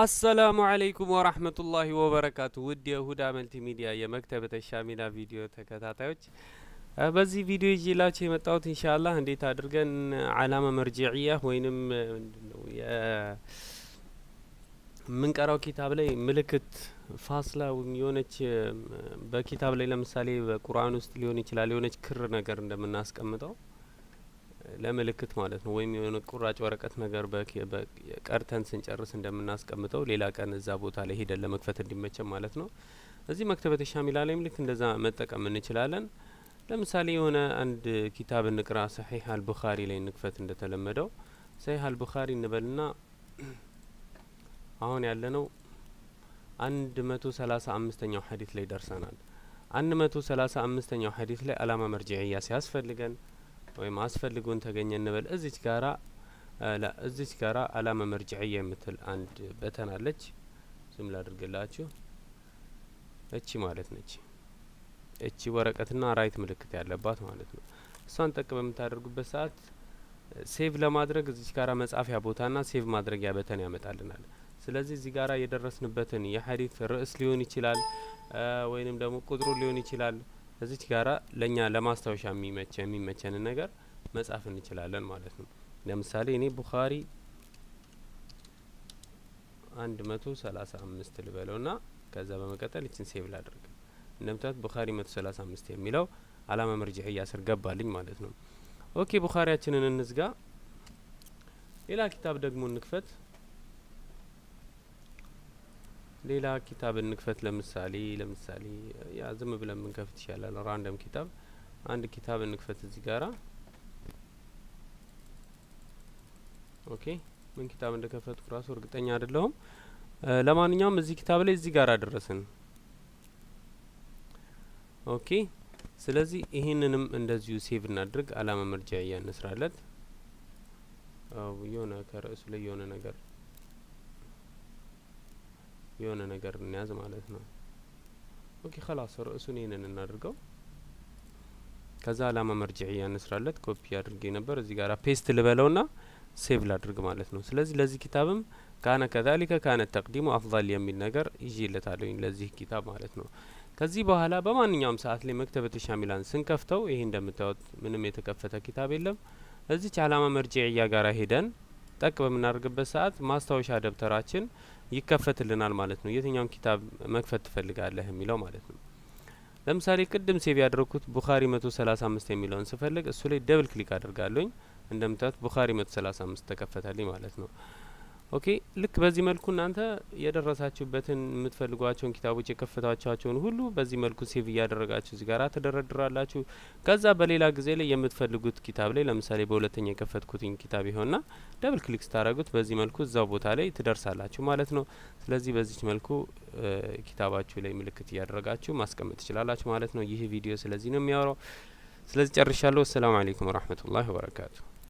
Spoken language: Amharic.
አሰላሙ አለይኩም ወራህመቱላሂ ወበረካቱ። ውድ የሁዳ መልቲ ሚዲያ የመክተበተ ሻሚና ቪዲዮ ተከታታዮች በዚህ ቪዲዮ ይዤላችሁ የመጣሁት ኢንሻአላህ እንዴት አድርገን አላማ መርጂዕያ ወይንም ምንድነው የምንቀራው ኪታብ ላይ ምልክት ፋስላ የሆነች በኪታብ ላይ ለምሳሌ በቁርአን ውስጥ ሊሆን ይችላል የሆነች ክር ነገር እንደምናስቀምጠው ለምልክት ማለት ነው። ወይም የሆነ ቁራጭ ወረቀት ነገር ቀርተን ስንጨርስ እንደምናስቀምጠው ሌላ ቀን እዛ ቦታ ላይ ሄደን ለመክፈት እንዲመቸም ማለት ነው። እዚህ መክተበተ ሻሚላ ላይም ልክ እንደዛ መጠቀም እንችላለን። ለምሳሌ የሆነ አንድ ኪታብ እንቅራ ሰሒህ አልቡኻሪ ላይ እንክፈት እንደተለመደው ሰሒህ አልቡኻሪ እንበልና አሁን ያለነው አንድ መቶ ሰላሳ አምስተኛው ሀዲት ላይ ደርሰናል። አንድ መቶ ሰላሳ አምስተኛው ሀዲት ላይ አላማ መርጃያ ሲያስፈልገን ወይም አስፈልጎን ተገኘ እንበል። እዚች ጋራ እዚች ጋራ አላማ መርጅዕያ የምትል አንድ በተን አለች። ዝም ላድርግላችሁ። እቺ ማለት ነች። እቺ ወረቀትና ራይት ምልክት ያለባት ማለት ነው። እሷን ጠቅ በምታደርጉበት ሰዓት ሴቭ ለማድረግ እዚች ጋራ መጻፊያ ቦታና ሴቭ ማድረጊያ በተን ያመጣልናል። ስለዚህ እዚህ ጋራ የደረስንበትን የሀዲት ርዕስ ሊሆን ይችላል፣ ወይንም ደግሞ ቁጥሩ ሊሆን ይችላል እዚች ጋራ ለእኛ ለማስታወሻ የሚመቸ የሚመቸንን ነገር መጻፍ እንችላለን ማለት ነው። ለምሳሌ እኔ ቡኻሪ አንድ መቶ ሰላሳ አምስት ልበለው ና ከዛ በመቀጠል ይችን ሴቭ ላድርግ። እንደምታት ቡኻሪ መቶ ሰላሳ አምስት የሚለው አላማ መርጃ እያስር ገባልኝ ማለት ነው። ኦኬ ቡኻሪያችንን እንዝጋ። ሌላ ኪታብ ደግሞ እንክፈት። ሌላ ኪታብ እንክፈት። ለምሳሌ ለምሳሌ ያ ዝም ብለን ብንከፍት ይሻላል። ራንደም ኪታብ አንድ ኪታብ እንክፈት እዚህ ጋራ። ኦኬ ምን ኪታብ እንደከፈትኩ ራሱ እርግጠኛ አይደለሁም። ለማንኛውም እዚህ ኪታብ ላይ እዚህ ጋር ደረስን። ኦኬ ስለዚህ ይህንንም እንደዚሁ ሴቭ እናድርግ። አላማ መርጃ እያነስራለት የሆነ ከርዕሱ ላይ የሆነ ነገር የሆነ ነገር እንያዝ ማለት ነው። ኦኬ ከላስ ርዕሱን ይህንን እናድርገው። ከዛ አላማ መርጅዕያ እንስራለት። ኮፒ አድርጌ ነበር እዚህ ጋር ፔስት ልበለውና ሴቭ ላድርግ ማለት ነው። ስለዚህ ለዚህ ኪታብም ካነ ከዛሊከ ካነ ተቅዲሙ አፍል የሚል ነገር ይዤለታለሁ ለዚህ ኪታብ ማለት ነው። ከዚህ በኋላ በማንኛውም ሰዓት ላይ መክተበት ሻሚላን ስንከፍተው ይሄ እንደምታዩት ምንም የተከፈተ ኪታብ የለም። እዚች አላማ መርጅዕያ ጋር ሄደን ጠቅ በምናደርግበት ሰዓት ማስታወሻ ደብተራችን ይከፈትልናል ማለት ነው። የትኛውን ኪታብ መክፈት ትፈልጋለህ የሚለው ማለት ነው። ለምሳሌ ቅድም ሴቭ ያደረግኩት ቡኻሪ መቶ ሰላሳ አምስት የሚለውን ስፈልግ እሱ ላይ ደብል ክሊክ አድርጋለኝ። እንደምታዩት ቡኻሪ መቶ ሰላሳ አምስት ተከፈተልኝ ማለት ነው። ኦኬ ልክ በዚህ መልኩ እናንተ የደረሳችሁበትን የምትፈልጓቸውን ኪታቦች የከፈታቸኋቸውን ሁሉ በዚህ መልኩ ሴቭ እያደረጋችሁ እዚህ ጋር ትደረድራላችሁ። ከዛ በሌላ ጊዜ ላይ የምትፈልጉት ኪታብ ላይ ለምሳሌ በሁለተኛ የከፈትኩትኝ ኪታብ ይሆንና ደብል ክሊክ ስታደረጉት በዚህ መልኩ እዛው ቦታ ላይ ትደርሳላችሁ ማለት ነው። ስለዚህ በዚች መልኩ ኪታባችሁ ላይ ምልክት እያደረጋችሁ ማስቀመጥ ትችላላችሁ ማለት ነው። ይህ ቪዲዮ ስለዚህ ነው የሚያወራው። ስለዚህ ጨርሻለሁ። አሰላሙ አለይኩም ወረህመቱላህ ወበረካቱ